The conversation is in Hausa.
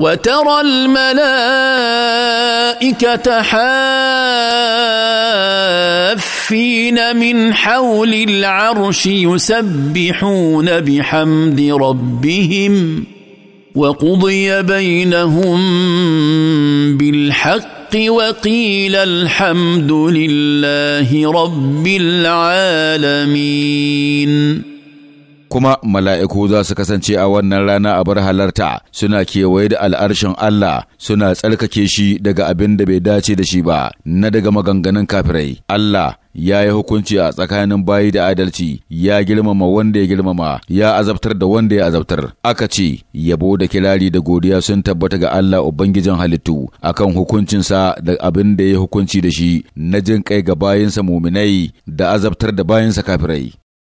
وترى الملائكه حافين من حول العرش يسبحون بحمد ربهم وقضي بينهم بالحق وقيل الحمد لله رب العالمين kuma mala'iku za su kasance a wannan rana a bar halarta suna kewaye da al'arshin Allah suna tsarkake shi daga abin da bai dace da shi ba na daga maganganun kafirai Allah ya yi hukunci a tsakanin bayi da adalci ya girmama wanda ya girmama ya azabtar da wanda ya azabtar aka ce yabo da kirari da godiya sun tabbata ga Allah ubangijin halittu kan hukuncinsa da abin da ya hukunci da shi na jin kai ga bayinsa muminai da azabtar da bayinsa kafirai